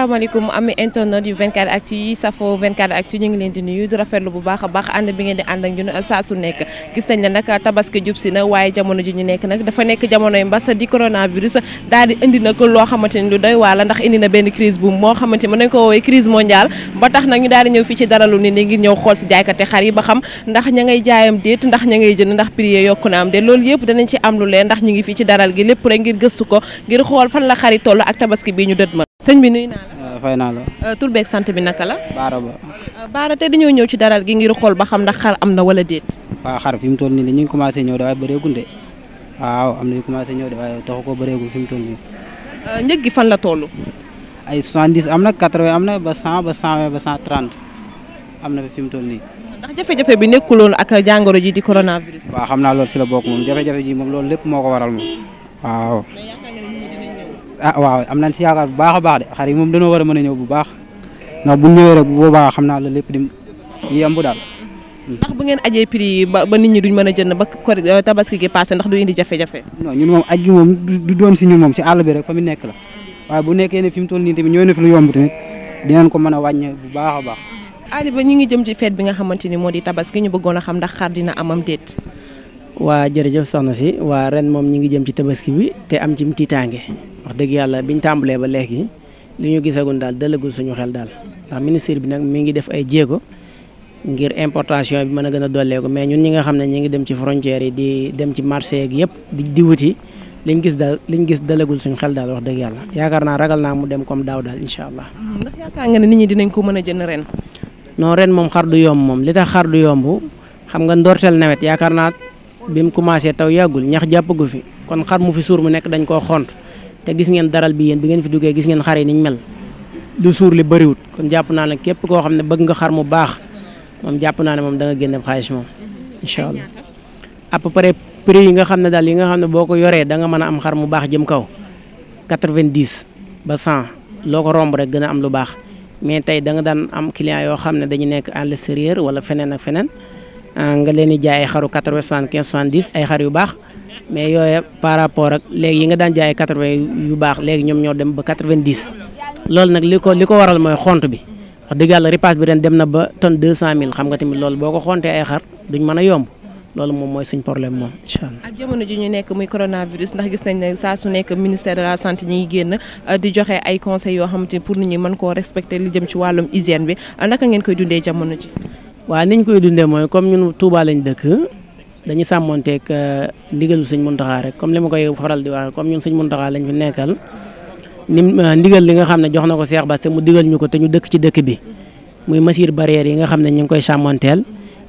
asalaamaaleykum ami internet yu 24 actu yi safo ñu ngi leen di nuyu di rafetlu bu baax a baax ànd bi ngeen di ànd ak saa su nekk gis nañ ne nag tabaski jub si na waaye jamono ji ñu nekk nag dafa nekk jamonoy mbas di coronavirus daal di indi nag loo xamante ni lu doy waala ndax indi na benn crise bu moo xamante mën nañ ko woowee crise mondiale ba tax nag ñu daal di ñëw fii ci daralu ni ni ngir ñëw xool si jaaykate xar yi ba xam ndax ña ngay jaayam déet ndax ña ngay ndax prix yokku na yëpp danañ ci am ngi fii ci daral gi lépp rek ngir gëstu ko ngir xool fan la xar yi toll ak tabaski bi ñu dët ma sëñ bi nuyu naa la. Euh, fay naa la. Euh, tur beeg sant bi naka la. Baara ba. Euh, Baara te dañoo ñëw ci daral gi ngir xool ba xam ndax xar am na wala déet. waaw xar fi mu toll nii ñu ngi commencé ñëw dafay bëreegul de am na commencé ñëw dafay taxu ko bëreegul fi mu njëg gi fan la toll. ay 70 am na 80 am na ba 100 ba 120 ba 130 am na fi mu toll nii. ndax jafe-jafe bi nekkuloon ak jàngoro ji di coronavirus. waaw xam naa loolu si la bokk moom jafe-jafe ji moom loolu lépp moo ko waral moom waaw. ah waaw am nañ si yaakaar bu baaxa baax de xar yi moom dañoo war a mën a ñëw bu baax ndax bu ñëwee rek bu boobaa xam naa la lépp di yemb daal. ndax bu ngeen aje prix yi ba nit ñi duñ mën a jënd ba kori euh, tabaski gi passé ndax du indi jafe-jafe. non ñun moom aj si ñun moom si àll bi rek fa mu nekk la waaye bu nekkee fi mu toll nii tamit ñëw na fi lu yomb tamit dinañ ko mën a wàññi bu baax a baax. Ali ba ñu ngi jëm ci feet bi nga xamante ni moo di tabaski ñu bëggoon a xam ndax xar dina am déet. waa jërëjëf soxna si waa ren moom ñi ngi jëm ci tabaski bi te am ci tiitaange wax dëgg yàlla biñ tàmbalee ba léegi li ñu gisagun daal dalagul suñu xel daal ndax ministère bi nag mi ngi def ay jéego ngir importation bi mën a gën a dolleeku mais ñun ñi nga xam ne ñi ngi dem ci frontières yi di dem ci marché yeeg yëpp di di wuti liñ gis daal liñ gis dalagul suñu xel daal wax dëgg yàlla yaakaar naa ragal naa mu dem comme daaw daal incha allah. Mm, ndax yaakaar nga ne nit ñi dinañ ko a jënd ren. non ren moom xar du yomb moom li tax xar du yomb xam nga ndorteel nawet yaakaar naa bi mu commencé taw yàggul te gis ngeen daral bi yéen bi ngeen fi duggee gis ngeen xar yi niñ mel lu suur li bëriwut kon jàpp naa ne képp koo xam ne bëgg nga xar mu baax moom jàpp naa ne moom da nga génne xaalis moom incha allah à peu près yi nga xam ne daal yi nga xam ne boo ko yoree da nga mën a am xar mu baax jëm kaw 90 ba 100 loo ko romb rek gën a am lu baax mais tey da nga daan am client yoo xam ne dañu nekk en le l'extérieur wala feneen ak feneen ah, nga leen di jaay ay xaru 80 75 ay xar yu baax mais yooya par rapport ak léegi yi nga daan jaay quatre vingt yu baax léegi ñoom ñoo dem ba quatre vingt dix loolu nag li ko li ko waral mooy xont bi wax dëgg yàlla ripaas bi ren dem na ba tonne deux cent mille xam nga tamit loolu boo ko xontee ay xar duñ mën a yomb loolu moom mooy suñ problème moom incha allah. ak jamono ji ñu nekk muy coronavirus ndax gis nañ ne saa su nekk ministère de la santé ñi ngi génn euh, di joxe ay conseils yoo xamante ni pour nit ñi mën koo respecter li jëm ci wàllum hygiène bi naka ngeen koy dundee jamono ji. waaw ni ñu koy dundee mooy comme ñun Touba lañ dëkk. dañu sàmmonteeg euh, ndigalu sëñ Muntaxa rek comme li ma koy faral di waxee comme ñun sëñ Muntaxa lañ fi nekkal ni euh, ndigal li nga xam ne jox na ko Cheikh Bass te mu digal ñu ko te ñu dëkk ci dëkk bi muy mesures barrières yi nga xam ne ñu ngi koy sàmmonteel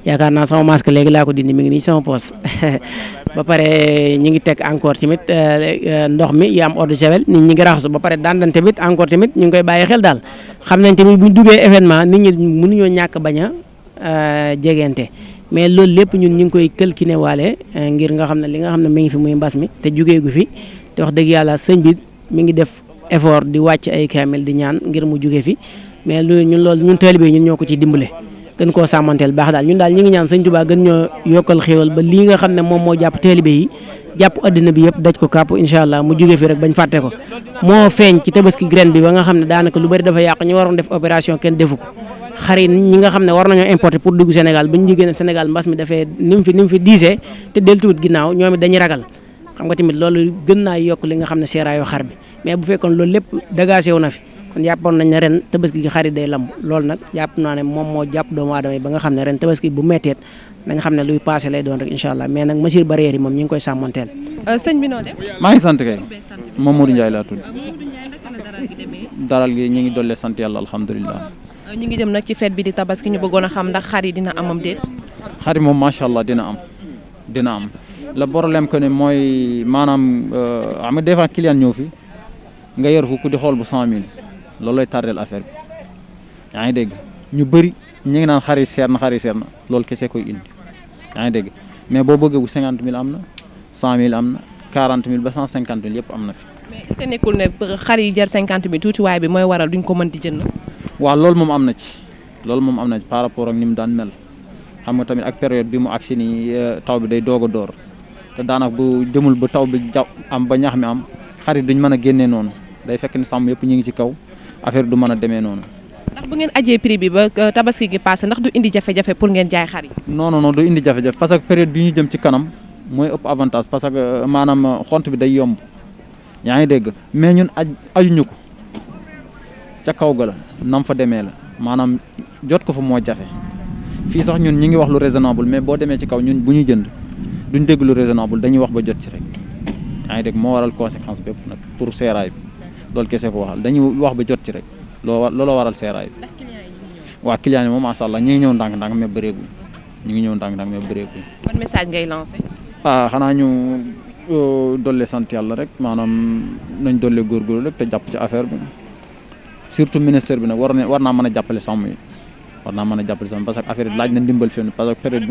yaakaar naa sama masque léegi laa ko dindi mi ngi nii sama poos ba pare ñi ngi teg encore tamit euh, ndox mi yi am eau nit ñi ngi raxasu ba pare daan daan tamit encore tamit ñu ngi koy bàyyi xel daal xam nañ tamit bu ñu duggee événement nit mënuñoo ñàkk bañ a jegente mais loolu lépp ñun ñu ngi koy calculé waale euh, ngir nga xam ne li nga xam ne mu ngi fi muy mbas mi te jugee gu fi te wax dëgg yàlla sëñ bi mi ngi def effort di wàcc ay kaamil di ñaan ngir mu jugee fi mais loolu ñun loolu ñun taalibe ñun ñoo ko ci dimbale gën koo sàmmanteel baax daal ñun daal ñu ngi ñaan sëñ Tuubaa gën ñoo yokkal xéewal ba lii nga xam ne moom moo jàpp taalibe yi jàpp addina bi yëpp daj ko kàpp incha allah mu jugee fi rek bañ fàtte ko moo feeñ ci ki graine bi ba nga xam ne daanaka lu bari dafa yàq ñu waroon def opération kenn defu ko xarin ñi nga xam ne war nañoo importer pour dugg Sénégal bu ñu jigéen ne Sénégal mbas mi dafee ni fi ni mu fi diisee te deltuwut ginnaaw ñoom it dañuy ragal xam nga tamit loolu gën naa yokk li nga xam ne seeraayu xar bi mais bu fekkoon loolu lépp dégagé wu na fi kon nañ ne ren tabaski gi xar day lamb loolu nag jàpp naa ne moom moo jàpp doomu aadama yi ba nga xam ne ren tabaski bu métteet da nga xam ne luy passé lay doon rek incha allah mais nag mesure barrière yi moom ñu ngi koy sàmmanteel. Euh, sëñ bi noo def. maa ngi sant kay Mamadou Ndiaye laa tudd. daral gi ñu ngi dolli sant yàlla alhamdulilah ñu ngi dem nag ci fête bi di tabaski ñu bëggoon a xam ndax xar yi dina amam déet. xar yi moom macha allah dina am dina am la problème que ne mooy maanaam euh, xam nga des fois client ñëw fi nga yor ko ku di xool bu cent mille loolu lay tardeel affaire bi yaa ngi dégg ñu bëri ñu ngi naan xar yi seer na xar yi loolu kese koy indi yaa ngi dégg mais boo bëggee bu cinquante am na cent mille am na quarante mille ba cent cinquante mille yëpp am na fi. mais est jar cinquante mille tuutiwaay bi mooy waral duñ ko mën di jënd. waa loolu moom am na ci loolu moom am na ci par rapport ak ni mu daan mel xam nga tamit ak période bi mu ak agsi nii eh, taw bi day doog a door te daanaka bu jëmul ba taw bi ja am ba ñax mi am xarit duñ mën a génnee noonu day fekk ni sàmm yëpp ñu ngi ci kaw affaire du mën a demee noonu. ndax bu ngeen ajee prix bi ba euh, tabaski gi passé ndax du indi jafe-jafe pour ngeen jaay xar yi. non du indi jafe-jafe parce que période bi ñu jëm ci kanam mooy ëpp avantage parce que euh, maanaam euh, xont bi day yomb yaa ngi dégg mais ñun aj ajuñu ko. ca kaw ga la nam fa demee la maanaam jot ko fa moo jafe fii sax ñun ñu ngi wax lu raisonnable mais boo demee ci kaw ñun bu ñu jënd duñ dégg lu raisonnable dañuy wax ba jot ci rek yaa ngi dégg moo waral conséquence bépp nag pour seeraay loolu kese ko waxal dañuy wax ba jot ci rek loo looloo waral seeraay bi waa client yi moom macha allah ñu ngi ñëw ndànk-ndànk mais bëreegul ñu ngi ñëw ndànk-ndànk mais bëreegul. ban message ngay lancé. ah xanaa ñu euh, dolle sant yàlla rek maanaam nañ dolle góor rek te jàpp ci affaire bi. surtout ministère bi nag war na war naa mën a jàppale sàmm yi war naa mën a jàppale sàmm parce que affaire yi laaj na ndimbal fii parce que période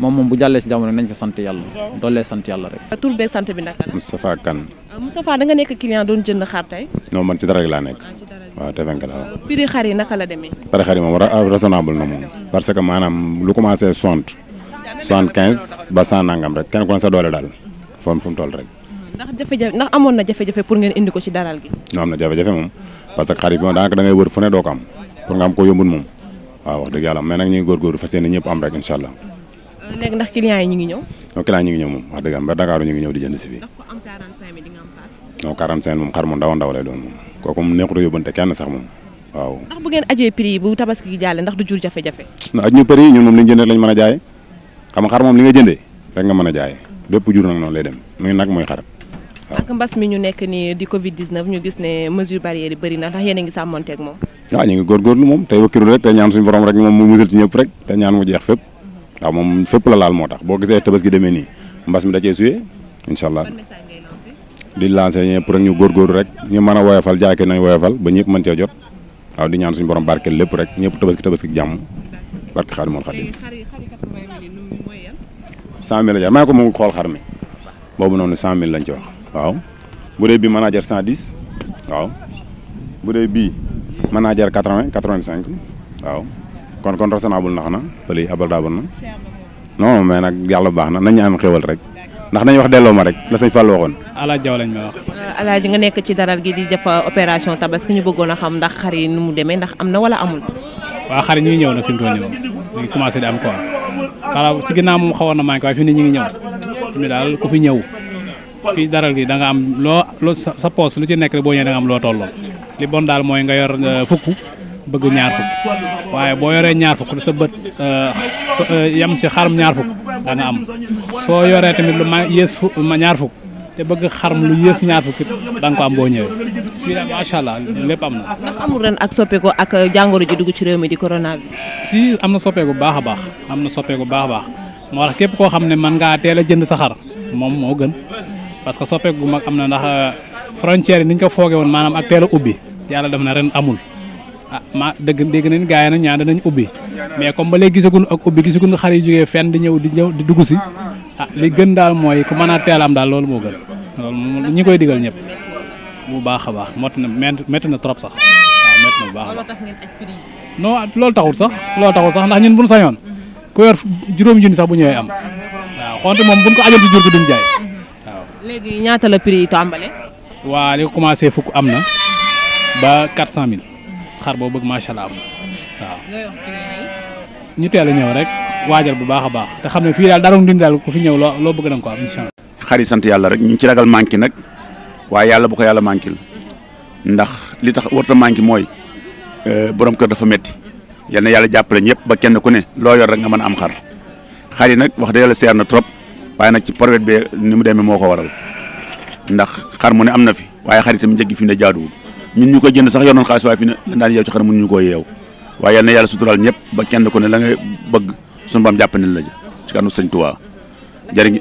moom bu jàllee si jamono nañ ko sant yàlla doolee sant yàlla rek. sant bi naka la. Euh, nekk client doon ah, te fenk la. Euh, prix xar yi naka la demee. prix xar moom ah, raisonnable na moom. parce que maanaam lu commencé soixante soixante quinze ba cent nangam rek kenn ku ne sa doole daal. foofu mu toll rek. ndax jafe-jafe amoon na jafe-jafe pour ngeen indi ko ci daral gi. non am na jafe-jafe moom parce que xar yi moom daanaka da ngay wër fu ne doo ko am pour am ngi góorgóorlu fas yéene ñëpp am rek incha allah. Euh, léegi ndax client yi ñu ngi ñëw. non client yi ñu ngi ñëw moom wax ba Dakar ñu ngi ñëw di jënd si fii. a yóbbante mën a jaay xam nga xar moom li nga jëndee rek nga mën a jaay bépp jur nag noonu lay dem muy nag mooy xar ak mbas mi ñu nekk nii di Covid 19 ñu gis ne mesure barrière yi bëri na ndax yéen a ngi sàmmanteeg moom. waaw ñu ngi góorgóorlu moom tey moom mu musal rek tey ñaan mu jeex fépp mhm. waaw moom fépp la laal moo tax boo gisee tabaski demee nii mbas mi da cee suyee di lancé ñëpp rek ñu góorgóorlu rek ñu mën a woyofal jaake nañ woyofal ba ñëpp mën cee jot waaw di ñaan suñu borom barkeel lépp rek ñëpp tabaski tabaski jàmm barke Xaadimul Xaadim 100000 la jar maa ko moom xool xar mi boobu noonu 100000 lañ ci wax waaw bu dee bii manager 110 waaw bu dee bii manager 80 85 waaw kon kon raisonnable nax na pël yi abordable na non mais nag yàlla baax na nañ nañu am xéwal rek ndax nañu wax delloo ma rek la sëñ Fall waxoon. Alaaji Jaw lañ ma wax. Euh, Alaaji nga nekk ci daral gi di def euh, opération tabaski ñu bëggoon a xam ndax xar yi nu mu demee ndax am na wala amul. waa xar yi ñuy ñëw nag fi mu toll nii ñu ngi commencé di am quoi xanaa si ginnaaw moom xawoon na maa ñu ngi ñëw fi mu fi ñëw. fii daral gi da nga am loo loo sa poos lu ci nekk rek boo ñëwee da am loo tolloo li bon daal mooy nga yor euh, fukk bëgg ñaar fukk waaye boo yoree ñaar fukk sa bët euh, euh, yam ci xarum ñaar fukk da am soo yoree tamit lu ma yées ma ñaar fukk te bëgg xarum lu yées ñaar fukk da ko am boo ñëw fii daal macha allah lépp am na. ak soppeeku ak jàngoro ji dugg ci réew mi di corona si am na soppeeku baax a baax am na soppeeku baax a baax moo tax képp koo xam ne man ngaa teel a jënd sa xar moom moo gën. parce que soppeeku gu mag am na ndax euh, frontière yi ko fooge woon maanaam ak teel ubbi yàlla def na ren amul ah ma dëgg dégg nañ gars yi nag ñaan nañ ubbi mais comme ba léegi gisaguñu ak ubbi gisaguñu xar yi jógee fenn di ñëw di ñëw di dugg si ah li gën daal mooy ku mën a teel am daal loolu moo gën loolu ñi koy digal ñëpp bu baax a baax mot na métti na trop sax waaw ah, métti na baax a ah, loolu taxul sax loolu taxul sax ndax ñun buñ sañoon ku yor juróomi junni sax bu ñëwee am waaw xonte moom buñ ko ajoon léegi ñaata la prix yi tàmbale. waa li commencé fukk am na ba mil xar boo bëgg macha allah am waaw. ñu teel a ñëw rek waajal bu baax a baax te xam ne fii daal dara mu daal ku fi ñëw loo loo bëgg da ko am incha allah. sant yàlla rek ñu ci ragal manqué nag waaye yàlla bu ko yàlla manqué ndax li tax warta manqué mooy euh, borom kër dafa metti yal na yàlla jàppale ñëpp ba kenn ku ne loo yor rek nga mën a am xar xar yi nag wax dëgg yàlla seer na trop. waaye nag ci période bi ni mu demee moo ko waral ndax xar mu ne am na fi waaye xar itam njëg gi fi ne jaaduwul ñun ñu ko jënd sax yoonoon xaalis waaye fi ne daan yeew ci xar ñu koo yeew waaye yal na yàlla suturaal ñëpp ba kenn ko ne la nga bëgg sumbam baam jàppandil la ji ci kanu sëñ Tuubaa jëriñ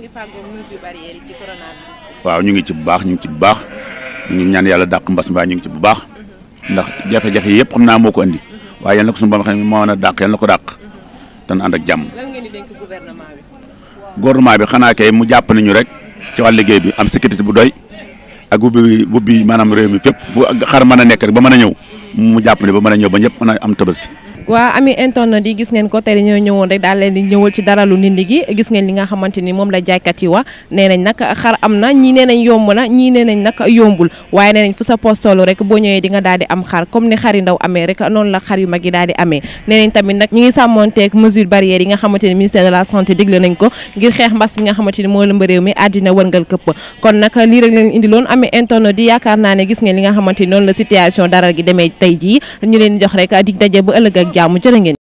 waaw ñu ngi ci bu baax ñu ngi ci bu baax ñu ngi ñaan yàlla dàq mbas mbaa ñu ngi ci bu baax ndax jafe-jafe yi yëpp xam naa moo ko indi waaye yal na ko suñu moo na dàq yal ko dàq dana ànd jàmm gouvernement bi xanaa kay mu jàpp nañu rek ci wàllu liggéey bi am sécurité bu doy ak ubbi ubbi maanaam réew mi fépp fu xar mën a nekk rek ba mën a ñëw mu jàpp ne ba mën a ñëw ba ñëpp mën a am tabaski waa ami internet di gis ngeen ko tey dañoo ñëwoon rek daal leen di ñëwal ci daralu ndindi gi gis ngeen li nga xamante ni moom la jaaykat yi wax nee nañ nag xar am na nee nañ yomb na ñii nee nañ nag yombul waaye nee nañ fu sa rek boo ñëwee di nga daal di am comme ni xar yu ndaw amee rek noonu la xar yu mag yi daal di amee nee nañ tamit nag ñi ngi sàmmonteeg mesure yi nga xamante ni ministère de la santé digle nañ ko ngir xeex mbas mi nga xamante ni moo lëmb réew mi kon nag lii rek leen indi loon ami yaakaar naa ne gis ngeen li nga xamante ni noonu la situation daral gi tey jii ñu leen jox rek dig daje bu ëllëg jàmm jërë ngeen